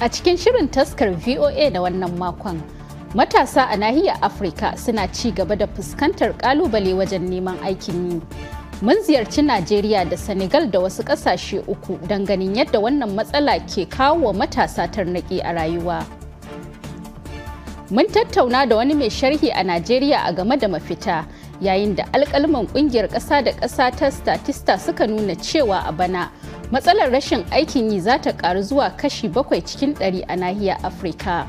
A cikin shirin taskar VOA na wannan makon, matasa a nahiyar Afirka suna ci gaba da fuskantar kalubale wajen neman aikin yi. Mun ziyarci Najeriya da Senegal da wasu ƙasashe uku don ganin yadda wannan matsala ke kawo wa matasa tarnaƙi a rayuwa. Mun tattauna da wani mai sharhi a Najeriya a game da mafita yayin da alkalman kungiyar ƙasa da ƙasa ta statista suka nuna cewa a bana matsalar rashin aikin yi za ta karu zuwa kashi bakwai cikin ɗari a nahiyar afirka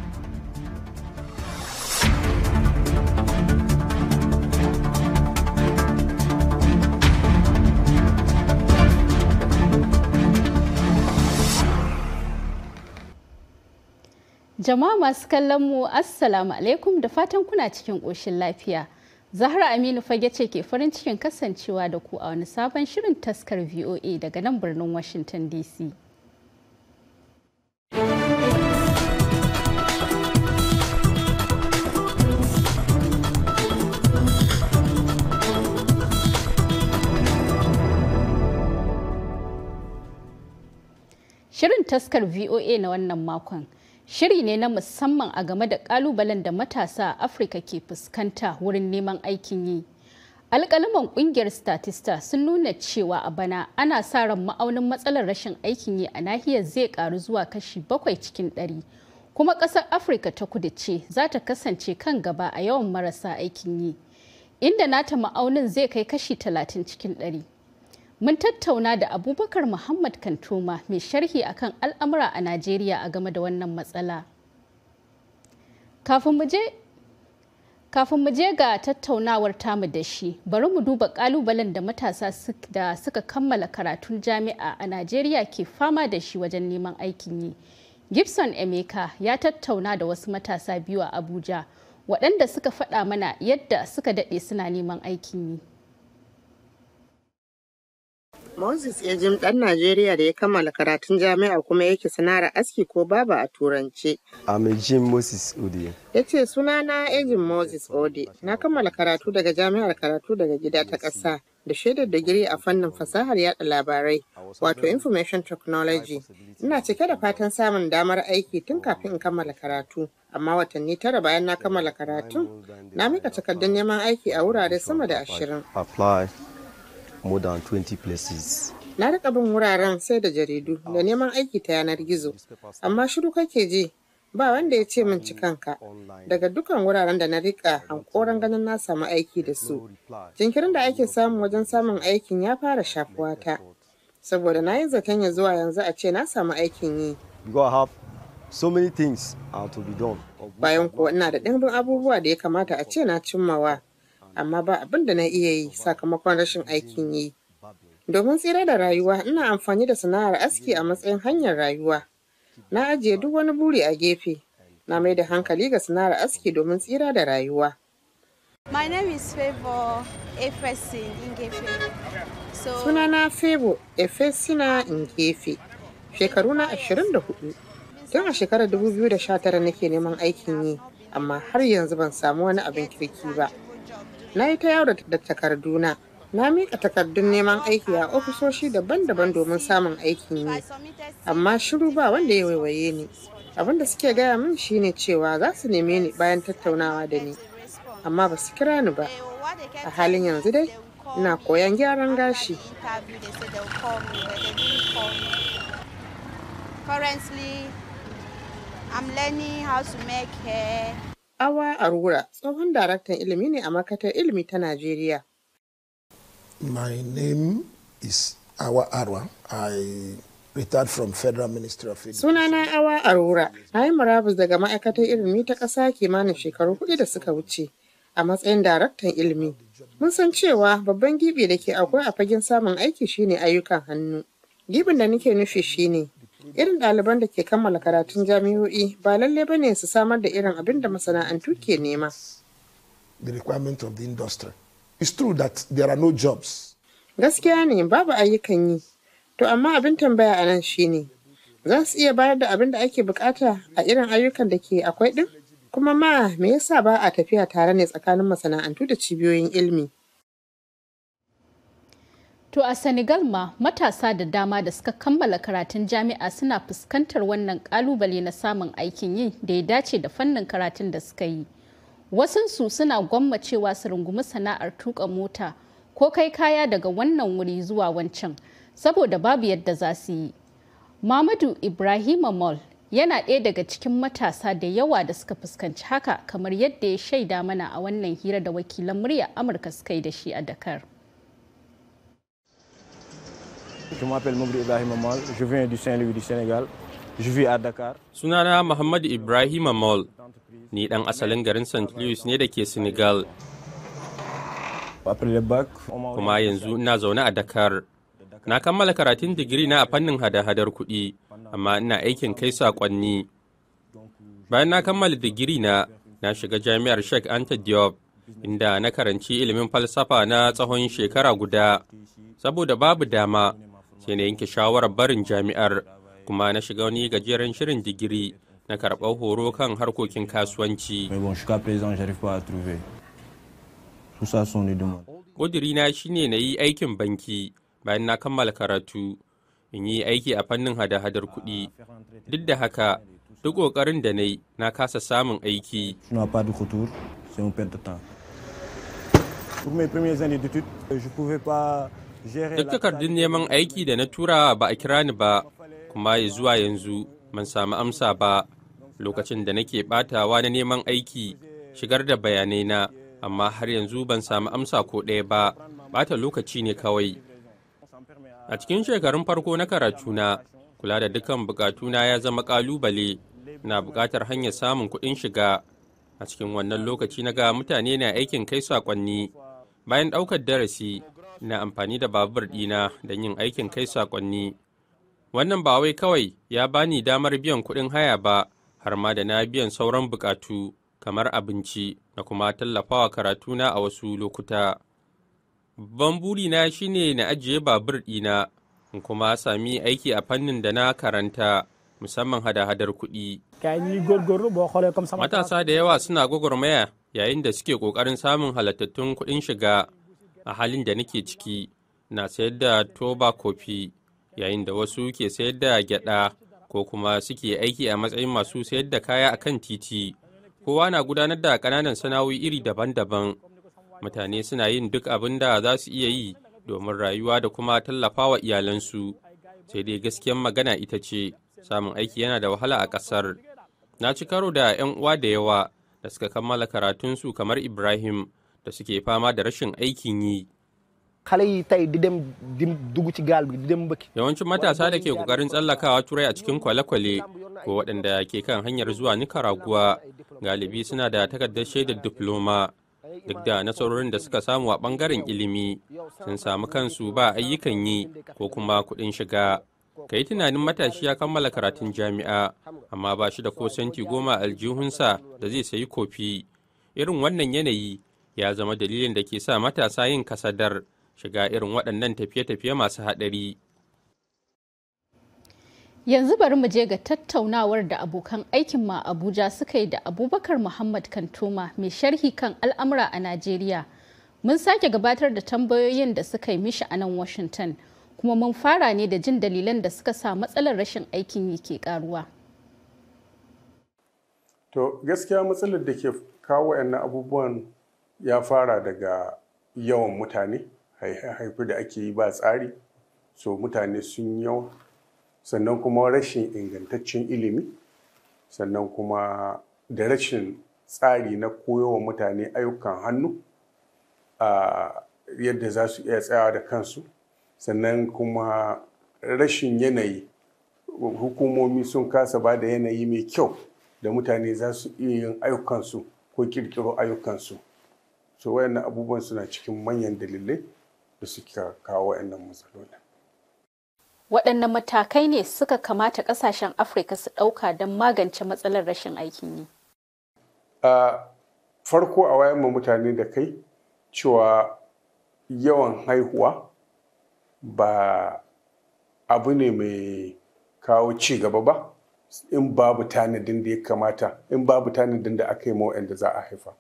jama'a masu kallon mu assalamu alaikum da fatan kuna cikin ƙoshin lafiya Zahra Aminu fage ce ke farin cikin kasancewa da ku a wani sabon shirin taskar VOA daga nan birnin Washington DC. Shirin taskar VOA na wannan makon Shiri ne na musamman a game da kalubalen da matasa a Afirka ke fuskanta wurin neman aikin yi. alkalaman ƙungiyar Statista sun nuna cewa a bana ana sa ran ma'aunin matsalar rashin aikin yi a nahiyar zai ƙaru zuwa kashi bakwai cikin ɗari. Kuma ƙasar Afirka ta kudu ce za ta kasance kan gaba a yawan marasa aikin yi, inda nata ma'aunin zai kai kashi talatin cikin ɗari. Mun tattauna da Abubakar Muhammad Kantoma mai sharhi akan al'amura a Najeriya a game da wannan matsala. Kafin mu je ga tattaunawar tamu da shi, bari mu duba kalubalen da matasa da suka kammala karatun jami'a a Najeriya ke fama da shi wajen neman aikin yi. Gibson Emeka ya tattauna da wasu matasa biyu a Abuja, waɗanda suka faɗa mana yadda suka daɗe suna neman aikin yi. Moses Ejim ɗan Najeriya da ya kammala karatun jami'a kuma yake sana'ar aski ko baba a turance. I'm Moses Odi. Ya ce suna na, Ejim Moses Odi. Na kammala karatu daga jami'ar karatu daga gida ta ƙasa da shaidar digiri a fannin fasahar yada labarai wato information technology. Ina cike da fatan samun damar aiki tun kafin in kammala karatu. amma watanni tara bayan na kammala karatun na mika takardun neman aiki a wurare sama da ashirin. more than 20 places. Na rika bin wuraren sai da jaridu da neman aiki ta yanar gizo, amma shiru kake ji ba wanda ya ce min cikanka daga dukkan wuraren da na rika hankoran ganin na samu aiki da su. Jinkirin da ake samu wajen samun aikin ya fara shafuwa ta, saboda na yi zaton ya zuwa yanzu a ce na samu aikin yi. so many things are to be done. Bayan kuwa ina da ɗimbin abubuwa da ya kamata a ce na cimmawa. amma ba abin da na iya yi sakamakon rashin aikin yi. Domin tsira da rayuwa ina amfani da sana'ar aski a matsayin hanyar rayuwa. Na ajiye duk wani buri a gefe. Na mai da hankali ga sana'ar aski domin tsira da rayuwa. My name is Favor So... Sunana Favor Efesina Ingefe. Shekaruna 24. Tun a shekarar 2019 nake neman aikin yi, amma har yanzu ban samu wani abin kirki ba. na yi ta yawo da takarduna na miƙa takardun neman aiki a ofisoshi daban-daban domin samun aikin yi amma shiru ba wanda ya waiwaye ni abin da suke gaya min shine cewa za su neme ni bayan tattaunawa da ni amma ba su kira ni ba a halin yanzu dai ina koyan gyaran gashi Currently, I'm learning make Awa Arura tsohon daraktan ilimi ne a makatar ilimi ta Najeriya. My name is Awa Arwa. I retired from Federal Ministry of Education. Sunana Awa Arura, na yi murabus daga ma'aikatar ilimi ta ƙasa kimanin shekaru hudu da suka wuce a matsayin daraktan ilimi. Mun san cewa babban gibi da ke akwai a fagen samun aiki shine ayyukan hannu. Gibin da nake nufi shine Irin ɗaliban da ke kammala karatun jami'o'i ba lalle ba ne su samar da irin abin da masana'antu ke nema. The requirement of the industry. It's true that there are no jobs. Gaskiya ne babu ayyukan yi. To amma abin tambaya a nan ne. za su iya bayar da abin da ake bukata a irin ayyukan da ke akwai ɗin? Kuma ma me yasa ba a tafiya tare ne tsakanin masana'antu da cibiyoyin ilimi? To a Senegal ma matasa da dama da suka kammala karatun jami'a suna fuskantar wannan kalubale na samun aikin yi da ya dace da fannin karatun da suka yi. Wasunsu suna gwammacewa su rungumi sana'ar tuka mota ko kai kaya daga wannan wuri zuwa wancan saboda babu yadda za su yi. Mamadu Ibrahima Mall yana ɗaya daga cikin matasa da yawa da suka fuskanci haka kamar yadda ya shaida mana a wannan hira da wakilan murya Amurka suka yi da shi a Dakar. Je m'appelle Ibrahim Amol, je viens du Saint-Louis du Sénégal, je vis à Dakar. Sunana Muhammadu Ibrahim Amol, ni dan asalin garin saint Louis ne da ke Senegal. Kuma yanzu ina zaune a Dakar. Na kammala karatun digiri na a fannin hada-hadar kuɗi, amma ina aikin kai saƙonni. Bayan na kammala digiri na, na shiga jami'ar Sheikh Anta Diop, inda na karanci ilimin falsafa na tsawon shekara guda, saboda babu dama sai na yanke shawarar barin jami'ar kuma na shiga wani gajeren shirin digiri na karɓar horo kan harkokin kasuwanci. ƙudirina ne na yi aikin banki bayan na kammala karatu in yi aiki a fannin hada-hadar kuɗi duk da haka duk ƙoƙarin da na yi na kasa samun aiki. Pour mes premières années d'études, je pouvais pas Duk takardun neman aiki da na tura ba a kira ni ba, kuma zuwa yanzu ban samu amsa ba lokacin da nake batawa na neman aiki shigar da bayanai na amma har yanzu ban samu amsa ko ɗaya ba, bata lokaci ne kawai. A cikin shekarun farko na karatuna, kula da dukkan bukatuna ya zama ƙalubale, na bukatar hanyar samun kuɗin shiga. A cikin wannan lokaci na ga mutane na aikin kai saƙonni. Bayan ɗaukar darasi, na amfani da babur ɗina don yin aikin kai saƙonni. Wannan ba wai kawai ya bani damar biyan kuɗin haya ba, har ma da na biyan sauran buƙatu kamar abinci da kuma tallafawa karatuna a wasu lokuta. Babban burina ne na ajiye babur ɗina, in kuma sami aiki a fannin da na karanta. musamman hada-hadar kuɗi. Matasa da yawa suna gwagwarmaya yayin da suke ƙoƙarin samun halattattun kuɗin shiga a halin da nake ciki na sayar da toba kofi yayin da wasu ke sayar da gyada ko kuma suke aiki a matsayin masu sayar da kaya a kan titi kowa na gudanar da kananan sana'o'i iri daban-daban mutane suna yin duk abin da za su iya yi domin rayuwa da kuma tallafawa iyalansu sai dai gaskiyar magana ita ce samun aiki yana da wahala a ƙasar na ci karo da 'yan uwa da yawa da suka kammala karatunsu kamar ibrahim da suke fama da rashin aikin yi. yawancin matasa da ke kokarin tsallakawa turai a cikin kwale-kwale ko waɗanda ke kan hanyar zuwa nicaragua galibi suna da takardar shaidar diploma duk da nasarorin da suka samu a ɓangaren ilimi sun samu kansu ba ayyukan yi ko kuma kuɗin shiga ka yi tunanin matashi ya kammala karatun jami'a amma ba shi da ko senti goma aljihunsa da zai sayi kofi irin wannan yanayi ya zama dalilin da ke sa matasa yin kasadar shiga irin waɗannan tafiye-tafiye masu haɗari. Yanzu bari mu je ga tattaunawar da abokan aikin ma Abuja suka yi da Abubakar Muhammad Kantoma mai sharhi kan al'amura a Najeriya. Mun sake gabatar da tambayoyin da suka yi mishi a nan Washington, kuma mun fara ne da jin dalilan da suka sa matsalar rashin aikin yi ke karuwa. To gaskiya matsalar da ke kawo abubuwan ya fara daga yawan mutane haifi da ake yi ba tsari so mutane sun yawa sannan kuma rashin ingantaccen ilimi sannan kuma da rashin tsari na koyowa mutane ayyukan hannu a yadda za su iya tsayawa da kansu sannan kuma rashin yanayi hukumomi sun kasa ba da yanayi mai kyau da mutane za su iya yin ayyukansu ko kirkiro ayyukansu so wayannan abubuwan suna cikin manyan dalilai da suka kawo wayannan matsalolin Waɗannan matakai ne suka kamata ƙasashen afirka su ɗauka don magance matsalar rashin aikin yi A farko a wayan mutane da kai cewa yawan haihuwa ba abu ne mai kawo ci gaba ba in babu tanadin da ya kamata in babu tanadin da aka yi ma waɗanda za a haifa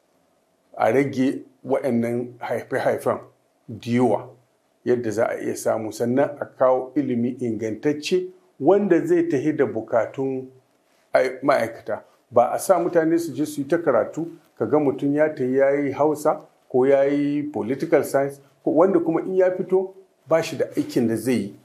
a rage waɗannan haife-haifen diwa yadda za a iya samu sannan a kawo ilimi ingantacce wanda zai tahi da bukatun ma'aikata ba a sa mutane su je su yi ta karatu kaga mutum ya ta ya hausa ko ya yi political science ko wanda kuma in ya fito ba shi da aikin da zai yi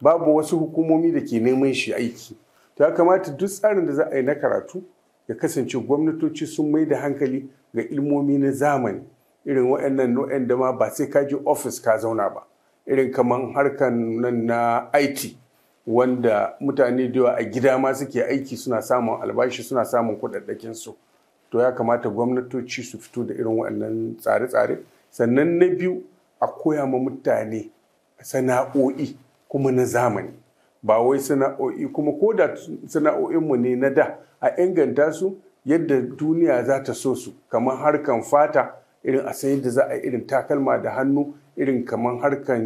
babu wasu hukumomi da ke neman shi aiki ta kamata duk tsarin da za a yi na karatu ya kasance gwamnatoci sun mai da hankali ga ilmomi na zamani irin waɗannan da ma ba sai ka je ofis ka zauna ba irin kamar harkar nan na IT wanda mutane da yawa a gida ma suke aiki suna samun albashi suna samun kuɗaɗɗakin su to ya kamata gwamnatoci su fito da irin waɗannan tsare-tsare sannan na biyu a koya ma mutane sana'o'i kuma na zamani ba wai sana'o'i kuma ko da sana'o'inmu ne na da a inganta su yadda duniya za ta so su kamar harkan fata irin a sayar da za a irin takalma da hannu irin kamar harkan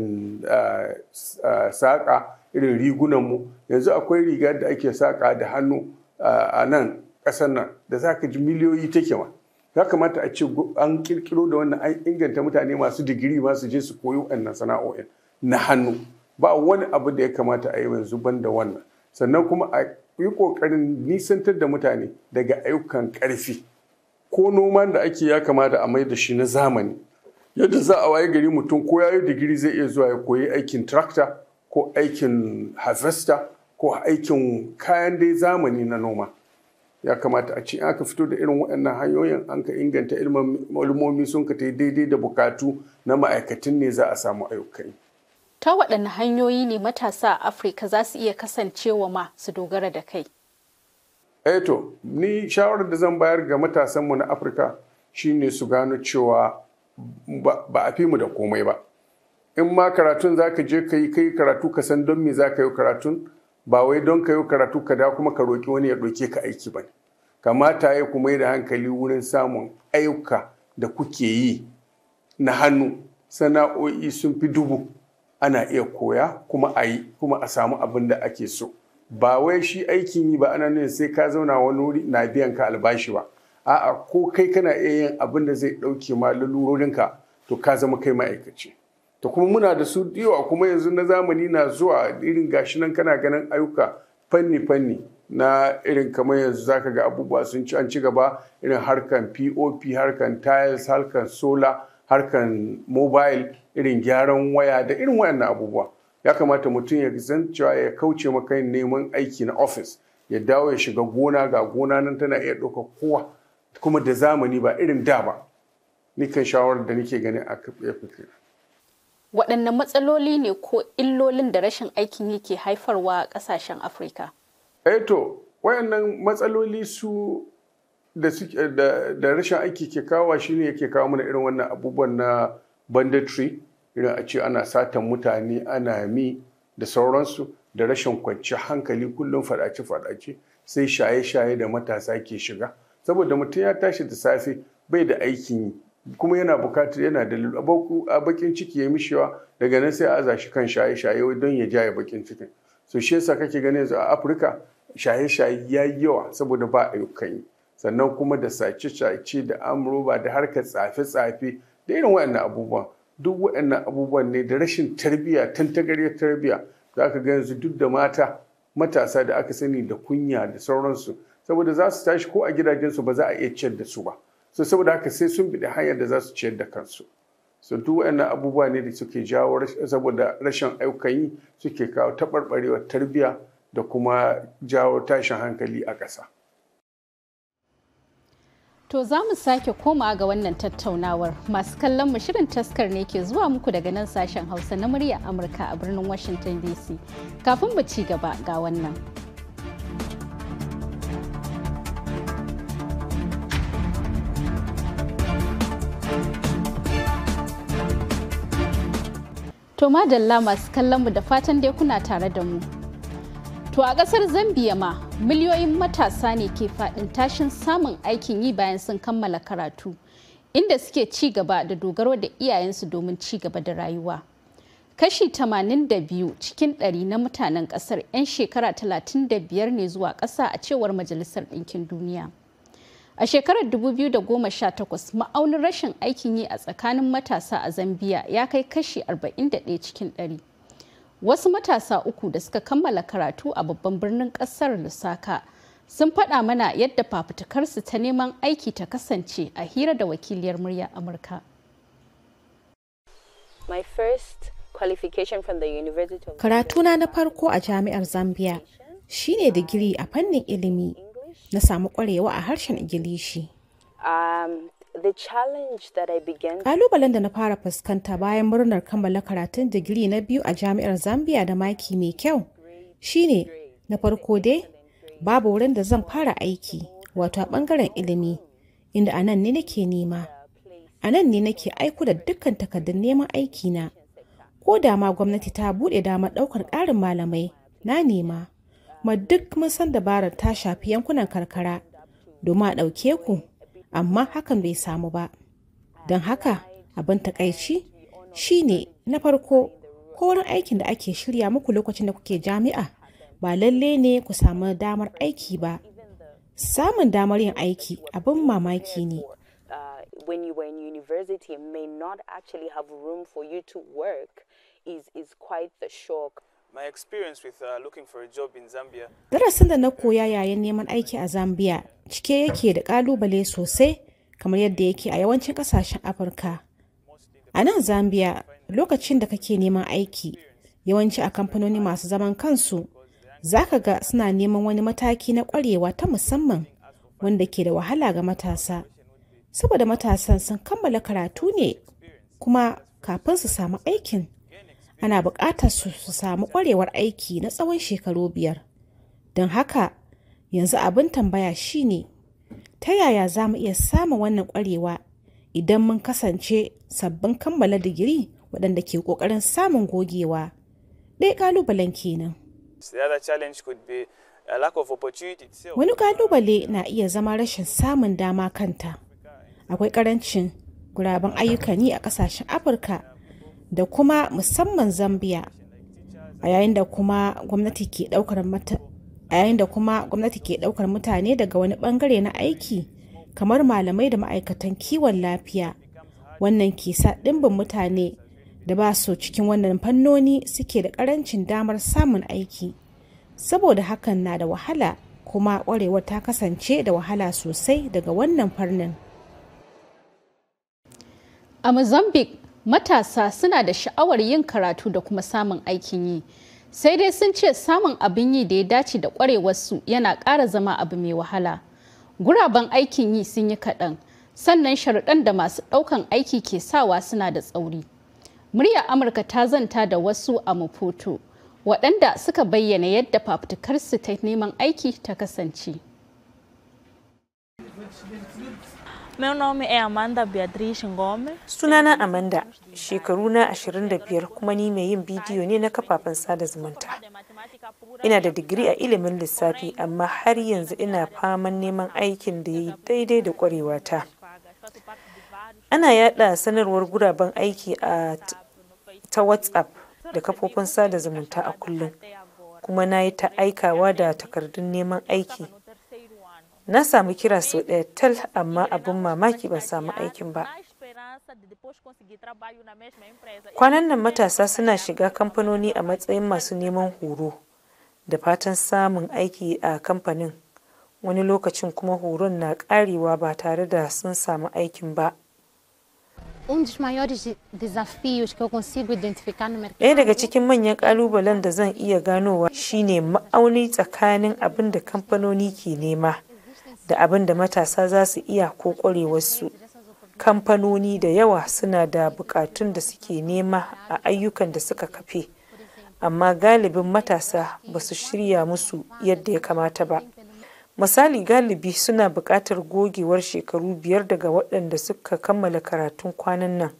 saƙa irin rigunanmu yanzu akwai riga da ake saƙa da hannu a nan ƙasar nan da za ka ji miliyoyi take ma ya kamata a ce an ƙirƙiro da wannan an inganta mutane masu digiri masu je su koyi wannan sana'o'in na hannu ba wani abu da ya kamata a yi yanzu ban da wannan sannan kuma a yi ƙoƙarin nisantar da mutane daga ayyukan karfi ko noma da ake ya kamata a mai da shi na zamani yadda za a waye gari mutum ko ya yi digiri zai iya zuwa ya koyi aikin tractor ko aikin harvester ko aikin kayan dai zamani na noma ya kamata a ce aka fito da irin waɗannan hanyoyin an ka inganta ilmomi sun ka ta yi daidai da bukatu na ma'aikatan ne za a samu ayyukan ta waɗanne hanyoyi ne matasa a afirka za su iya kasancewa ma su dogara da kai eto eh ni shawarar da zan bayar ga matasanmu na afirka shine su gano cewa ba a fi mu da komai ba in ma karatun za ka je ka yi kai karatu ka san don me za ka yi karatun ba wai don ka yi karatu ka da kuma ka roƙi wani ya ɗauke ka aiki ba kamata ya kuma yi da hankali wurin samun ayyuka da kuke yi na hannu sana'o'i sun fi dubu ana iya koya kuma a yi kuma a samu abin da ake so ba wai shi aikin yi ba ana nuna sai ka zauna wani wuri na biyan ka albashi ba a'a ko kai kana iya yin abin da zai ɗauke ma ka? to ka zama kai ma'aikaci to kuma muna da su yawa kuma yanzu na zamani na zuwa irin gashi nan kana ganin ayyuka fanni fanni na irin kamar yanzu zaka ga abubuwa sun ci an ci gaba irin harkan pop harkan tiles harkan solar harkan mobile irin gyaran waya da irin wayannan abubuwa ya kamata mutum ya zancewa ya kauce maka yin neman aiki na office ya dawo ya shiga gona ga gona nan tana iya ɗauka kowa kuma da zamani ba irin da ba nikan shawarar da nake gani a ya waɗannan matsaloli ne ko illolin da rashin aikin yi ke haifarwa a ƙasashen afirka eh to wayannan matsaloli su da rashin aiki ke kawo shine yake kawo mana irin wannan abubuwan na banditry irin a ce ana satan mutane ana mi da sauransu da rashin kwanci hankali kullum fadace-fadace sai shaye-shaye da matasa ke shiga saboda mutum ya tashi da safe bai da aikin yi kuma yana bukatar yana da a bakin ciki ya mishewa daga nan sai a aza shi kan shaye-shaye don ya jaye bakin cikin so shi yasa kake ganin yanzu a afirka shaye-shaye ya yi yawa saboda ba ayyukan yi sannan kuma da sace-sace da amroba da harkar tsafe-tsafe da irin waɗannan abubuwan duk waɗannan abubuwan ne da rashin tarbiyya tantagaryar tarbiyya za ka ga yanzu duk da mata matasa da aka sani da kunya da sauransu saboda za su tashi ko a gidajensu ba za a iya ciyar da su ba so saboda haka sai sun bi da hanyar da za su ciyar da kansu so duk waɗannan abubuwa ne da suke jawo saboda rashin ayyukan yi suke kawo taɓarɓarewar tarbiyya da kuma jawo tashin hankali a ƙasa. To za mu sake koma ga wannan tattaunawar masu kallon mu shirin taskar ne ke zuwa muku daga nan sashen Hausa na murya Amurka a birnin Washington DC. Kafin mu ci gaba ga wannan. To madalla masu kallon mu da fatan dai kuna tare da mu. To a ƙasar Zambia ma miliyoyin matasa ne ke faɗin tashin samun aikin yi bayan sun kammala karatu inda suke ci gaba da dogaro da iyayensu domin ci gaba da rayuwa kashi 82 cikin 100 na mutanen ƙasar. 'yan shekara 35 ne zuwa ƙasa a cewar majalisar ɗinkin duniya a shekarar 2018 ma'aunin rashin aikin yi a tsakanin matasa a zambia ya kai kashi 41 cikin 100 wasu matasa uku da suka kammala karatu a babban birnin kasar lusaka sun faɗa mana yadda fafutukarsu ta neman aiki ta kasance a hira da wakiliyar murya amurka karatuna na farko a jami'ar zambia shine digiri a fannin ilimi na samu kwarewa a harshen ingilishi um, Kalubalen da na fara fuskanta bayan murnar kammala karatun digiri na biyu a jami'ar Zambia da maki mai kyau shine na farko dai babu wurin da zan fara aiki wato a ɓangaren ilimi inda a nan ne nake nema. A nan ne nake aiko da dukkan takardun neman aiki na. Ko da ma gwamnati ta buɗe damar ɗaukar ƙarin malamai na nema. Ma duk mun san dabarar ta shafi yankunan karkara domin a ɗauke ku amma hakan bai samu ba don haka abin takaici shine na farko ko wurin aikin da ake shirya muku lokacin da kuke jami'a ba lalle ne ku samu damar aiki ba samun damar yin aiki abin mamaki ne when you were in university may not actually have room for you to work is, is quite the shock. Uh, Darasin da na koya yayin neman aiki a Zambia cike yake da ƙalubale sosai kamar yadda yake a yawancin ƙasashen Afirka. A nan Zambia lokacin da kake neman aiki yawanci a kamfanoni masu zaman kansu za ka ga suna neman wani mataki na ƙwarewa ta musamman wanda ke da wahala ga matasa. Saboda matasan sun kammala karatu ne kuma kafin su samu aikin ana buƙatar su su samu ƙwarewar aiki na tsawon shekaru biyar don haka yanzu abin tambaya shine ta yaya za mu iya samun wannan ƙwarewa idan mun kasance sabbin kammala digiri waɗanda ke ƙoƙarin samun gogewa ɗaya ƙalubalen kenan wani ƙalubale na iya zama rashin samun dama kanta akwai ƙarancin guraben ayyukan yi a ƙasashen afirka da kuma musamman Zambia a yayin da kuma gwamnati ke ɗaukar mutane daga wani ɓangare na aiki kamar malamai da ma'aikatan kiwon lafiya wannan ke sa ɗimbin mutane da ba su cikin wannan fannoni suke da ƙarancin damar samun aiki saboda hakan na da wahala kuma kwarewar ta kasance da wahala sosai daga wannan farnin a mozambique matasa suna da sha'awar yin karatu da kuma samun aikin yi sai dai sun ce samun abin yi da ya dace da kwarewarsu yana ƙara zama abu mai wahala guraben aikin yi sun yi kaɗan sannan sharuɗan da masu ɗaukan aiki ke sawa suna da tsauri murya amurka ta zanta da wasu a mafoto waɗanda suka bayyana yadda fafutukarsu ta neman aiki ta kasance Meu nome é Amanda Beatriz Ngome. Sunana Amanda, shekaru na 25 kuma ni mai yin bidiyo ne na kafafen sada zumunta. Ina da digiri a ilimin lissafi amma har yanzu ina faman neman aikin da ya yi daidai da ƙwarewata. Ana yada sanarwar guraben aiki a ta WhatsApp da kafofin sada zumunta a kullum. kuma na yi ta aikawa da takardun neman aiki Na samu kira sau ɗaya tal amma abin mamaki ban samu aikin ba. Kwanan nan matasa suna shiga kamfanoni a matsayin masu neman horo da fatan samun aiki a kamfanin wani lokacin kuma horon na karewa ba tare da sun samu aikin ba. Um ɗaya daga cikin manyan ƙalubalen da zan iya ganowa shine ma'auni tsakanin abin da kamfanoni ke nema. da abin da matasa za su iya ko ƙwarewarsu kamfanoni da yawa suna da bukatun da suke nema a ayyukan da suka kafe amma galibin matasa ba su shirya musu yadda ya kamata ba misali galibi suna buƙatar gogewar shekaru biyar daga waɗanda suka kammala karatun kwanan nan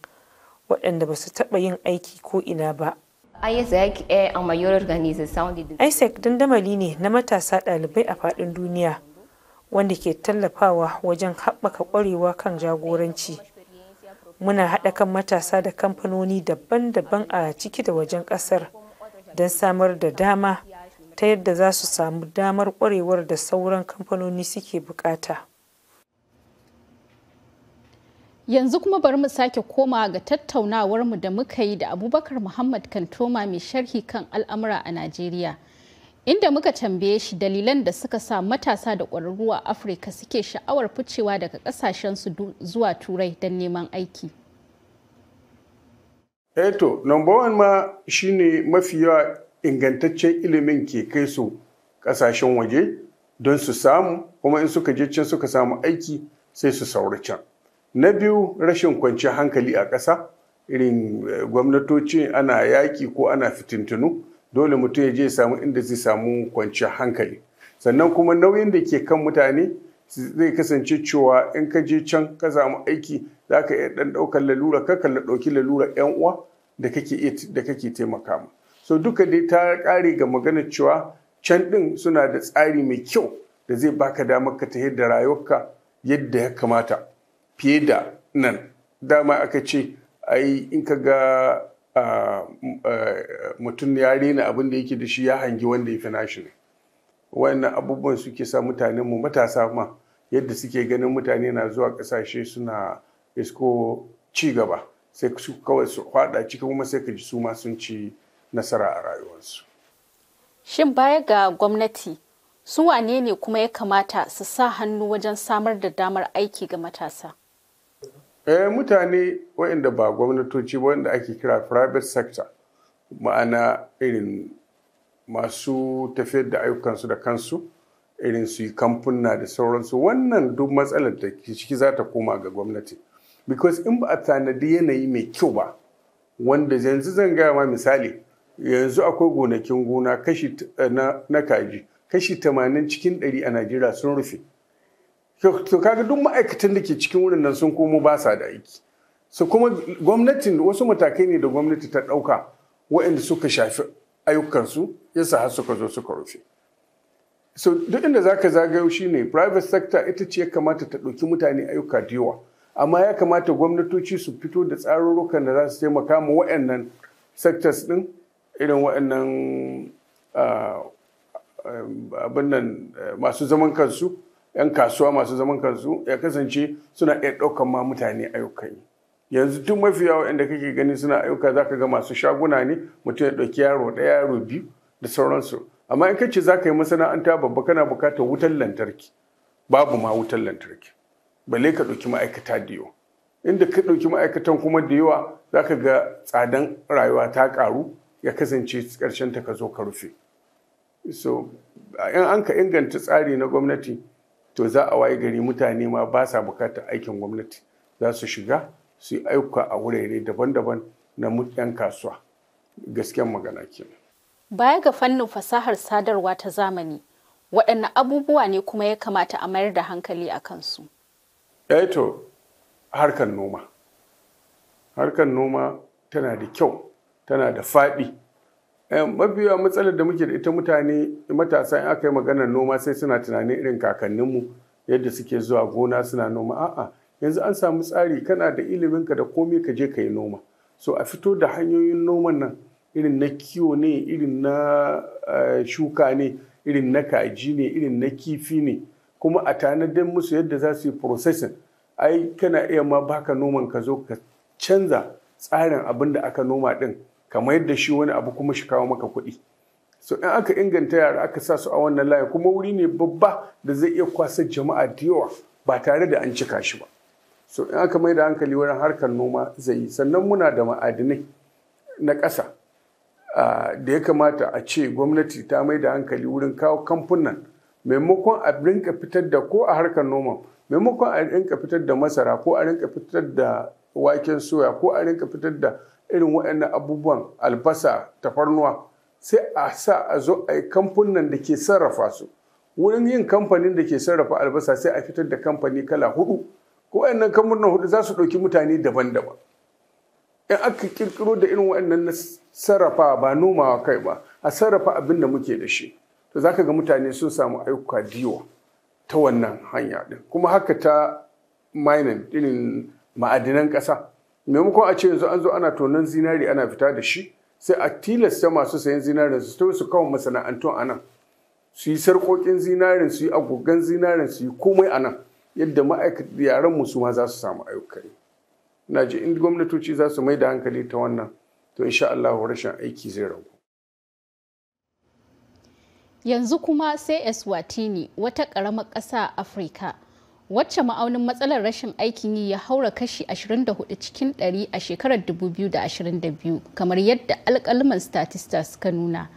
waɗanda ba su taɓa yin aiki ko ina ba ISEC dandamali ne na matasa ɗalibai a faɗin duniya wanda ke tallafawa wajen haɓaka ƙwarewa kan jagoranci. Muna haɗa kan matasa da kamfanoni daban-daban a ciki da wajen ƙasar don samar da dama ta yadda za su samu damar ƙwarewar da sauran kamfanoni suke bukata. Yanzu kuma bari mu sake koma ga tattaunawarmu da muka yi da Abubakar Muhammad Kantoma mai sharhi kan al'amura a Najeriya. inda muka tambaye shi dalilan da suka sa matasa da ƙwararru a afirka suke sha'awar ficewa daga su zuwa turai don neman aiki eto eh number one ma shine mafi yawa ingantaccen ilimin ke kai su ƙasashen waje don su samu kuma in suka je can suka samu aiki sai su sauri can na biyu rashin kwanciyar hankali a ƙasa irin eh, gwamnatoci ana yaƙi ko ana fitintunu dole mutum ya je ya samu inda zai samu kwanciyar hankali sannan kuma nauyin da ke kan mutane zai kasance cewa in ka je can ka samu aiki za ka iya ɗan ɗaukar lalura ka kalla ɗauki lalura yan uwa da kake da kake taimaka ma so duka dai ta ƙare ga magana cewa can ɗin suna da tsari mai kyau da zai baka damar ka da da rayuwarka yadda ya kamata fiye da nan dama aka ce ai in ka ga mutum ya rena abin da yake da shi ya hangi wanda ya fi nashi ne wannan abubuwan suke sa mutanen mu matasa ma yadda suke ganin mutane na zuwa kasashe suna isko ci gaba sai su kawai su fada cikin kuma sai ka ji su ma sun ci nasara a rayuwarsu shin baya ga gwamnati su wane ne kuma ya kamata su sa hannu wajen samar da damar aiki ga matasa eh mutane waɗanda ba gwamnatoci ba waɗanda ake kira private sector ma'ana irin masu tafiyar da ayyukansu da kansu irin su yi kamfuna da sauransu wannan duk matsalar da ciki za ta koma ga gwamnati because in ba a tanadi yanayi mai kyau ba wanda yanzu zan gaya ma misali yanzu akwai gonakin gona eh, na kaji kashi 80 cikin 100 a najeriya sun rufe to kaga duk ma'aikatan da ke cikin wurin nan sun komo ba sa da aiki su kuma gwamnatin wasu matakai ne da gwamnati ta ɗauka waɗanda suka shafi ayyukansu yasa har suka zo suka rufe so duk inda za ka zagayo shine private sector ita ce ya kamata ta ɗauki mutane ayyuka da yawa amma ya kamata gwamnatoci su fito da tsarurrukan da za su taimaka ma waɗannan sectors ɗin irin waɗannan ah, eh, abin eh, masu zaman kansu 'yan kasuwa masu zaman kansu ya kasance suna iya ɗaukan ma mutane ayyukan yi yanzu tun mafi yawa inda kake gani suna ayyuka zaka ga masu shaguna ne mutum ya ɗauki yaro ɗaya yaro biyu da sauransu amma in kace za ka yi masana'anta babba kana buƙatar wutar lantarki babu ma wutar lantarki balle ka ɗauki ma'aikata da yawa inda ka ɗauki ma'aikatan kuma da yawa za ka ga tsadan rayuwa ta ƙaru ya kasance karshen ta ka zo ka rufe so in an ka inganta tsari na gwamnati to za a waye gari mutane ma ba sa bukatar aikin gwamnati za su shiga su yi ayyuka a wurare daban-daban na 'yan kasuwa gasken magana ke Baya ga fannin fasahar sadarwa ta zamani, waɗanne abubuwa ne kuma ya kamata a mayar da hankali a kansu? Eh to harkar noma. Harkar noma tana da kyau, tana da faɗi. Eh, mabiya matsalar da muke da ita mutane matasa in aka yi maganar noma sai suna tunanin irin kakanninmu yadda suke zuwa gona suna noma a'a yanzu an samu tsari kana da iliminka da komai ka je ka yi noma so a fito da hanyoyin noman nan irin na kiwo ne irin na eh, shuka ne irin na kaji ne irin na kifi ne kuma a tanadin musu yadda za su yi processing ai kana iya ma baka noman ka zo ka canza tsarin abin da aka noma din kamar yadda shi wani abu kuma shi kawo maka kuɗi so in aka inganta yara aka sa su a wannan layi kuma wuri ne babba da zai iya kwasa jama'a da yawa ba tare da an cika shi ba so in aka mai da hankali wurin harkar noma zai yi sannan muna da ma'adinai na ƙasa da ya kamata a ce gwamnati ta mai da hankali wurin kawo kamfunan maimakon a rinka fitar da ko a harkar noma maimakon a rinka fitar da masara ko a rinka fitar da waken soya ko a rinka fitar da irin waɗannan abubuwan albasa tafarnuwa sai a sa a zo a yi kamfunan da ke sarrafa su wurin yin kamfanin da ke sarrafa albasa sai a fitar da kamfani kala hudu ko waɗannan kamfanin hudu za su ɗauki mutane daban-daban in aka kirkiro da irin waɗannan na sarrafa ba nomawa kai ba a sarrafa abin da muke da shi to za ka ga mutane sun samu ayyuka diwa ta wannan hanya din kuma haka ta mining irin ma'adinan ƙasa maimakon a ce yanzu an zo ana tonon zinari ana fita da shi sai a tilasta masu sayan zinarin su to su kawo masana'antun a nan su yi sarƙoƙin zinarin su yi agogan zinarin su yi komai a nan yadda ma'aikatan yaran su ma za su samu ayyuka ina ji in gwamnatoci za su mai da hankali ta wannan to sha Allah rashin aiki zai ragu yanzu kuma sai eswatini wata ƙaramar ƙasa a afirka wacce ma'aunin matsalar rashin aikin yi ya haura kashi 24 cikin 100 a shekarar 2022 kamar yadda alkalman statista suka nuna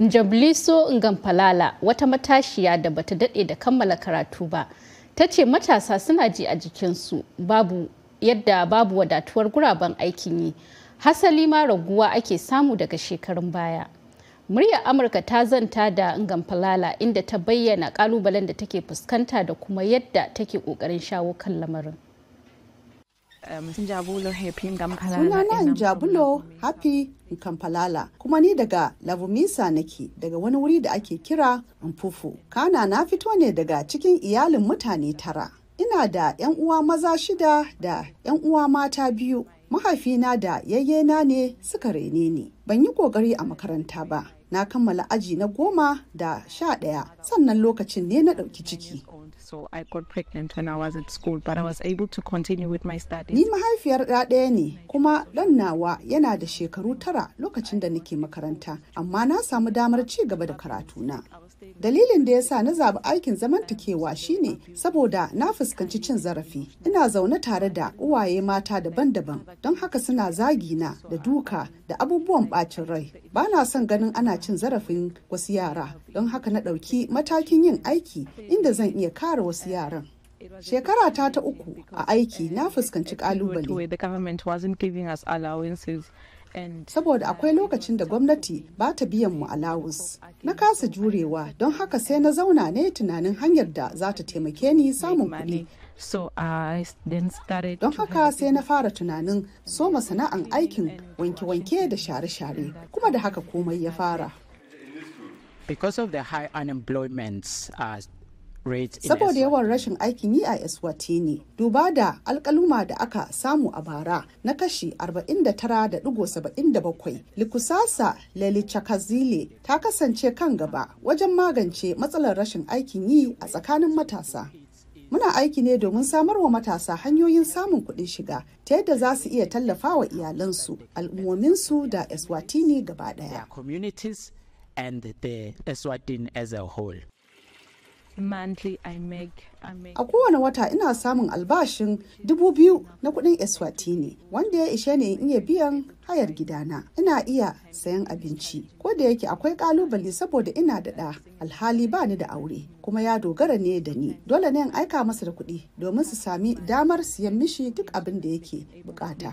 njabliso ngampalala wata matashiya da bata dade da kammala karatu ba ta ce matasa suna ji a jikinsu babu yadda babu wadatuwar guraben aikin yi hasali ma raguwa ake samu daga shekarun baya muryar amurka ta zanta da ngamfalala inda ta bayyana kalubalen da take fuskanta da kuma yadda take kokarin shawo kan lamarin eh, sunana jabulo happy nkampalala kuma ni daga lavumisa nake daga wani wuri da ake kira mfufu kana na fito ne daga cikin iyalin mutane tara ina da 'yan uwa maza shida da 'yan uwa mata biyu mahaifina da yayyena ne suka rene ni ban yi ƙoƙari a makaranta ba na kammala aji na goma da sha ɗaya sannan lokacin ne na ɗauki ciki ni mahaifiyar ɗa ɗaya ne kuma ɗan nawa yana da shekaru tara lokacin da nake makaranta amma na samu damar ci gaba da karatuna Dalilin da ya sa na zaɓi aikin zamantakewa shine saboda na fuskanci cin zarafi. Ina zaune tare da uwaye mata daban-daban don haka suna zagina da duka da abubuwan ɓacin rai. Ba na son ganin ana cin zarafin wasu yara don haka na ɗauki matakin yin aiki inda zan iya kare wasu yaran. Shekara ta ta uku a aiki na fuskanci ƙalubale. saboda akwai lokacin da gwamnati ba ta biyan mu alawus. Na kasa jurewa don haka sai na zauna ne tunanin hanyar da za ta taimake ni samun kuɗi. Don haka sai na fara tunanin soma sana'an aikin wanke-wanke da share-share, kuma da haka komai ya fara. Because of the high unemployment, uh, Saboda yawan rashin aikin yi a Eswatini, duba da alkaluma da aka samu a bara na kashi 49.77, Likusasa Lelichakazile ta kasance kan gaba wajen magance matsalar rashin aikin yi a tsakanin matasa. muna aiki ne domin samar wa matasa hanyoyin samun kuɗin shiga ta yadda za su iya tallafa wa iyalansu al'ummominsu da eswatini gaba ɗaya. A kowane wata ina samun albashin dubu biyu na kuɗin Eswatini wanda ya ishe ni in iya biyan hayar gidana. Ina iya sayan abinci. Ko da yake akwai ƙalubale saboda ina da ɗa alhali ba ni da aure kuma ya dogara ne da ni. Dole ne in aika masa da kuɗi domin su sami damar siyan mishi duk abin da yake bukata.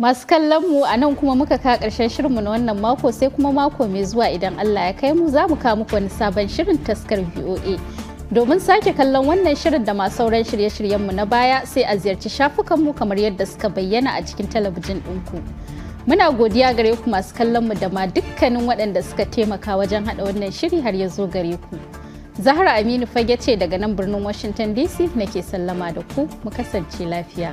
masu kallon mu a nan kuma muka ka karshen shirinmu na wannan mako sai kuma mako mai zuwa idan Allah ya kai mu za mu kawo muku wani sabon shirin taskar VOA. Domin sake kallon wannan shirin da masu sauran shirye-shiryenmu na baya sai a ziyarci shafukanmu kamar yadda suka bayyana a cikin talabijin ɗinku. Muna godiya gare ku masu kallon mu da ma dukkanin waɗanda suka taimaka wajen haɗa wannan shiri har ya zo gare ku. Zahra Aminu fage ce daga nan birnin Washington DC nake sallama da ku mu kasance lafiya.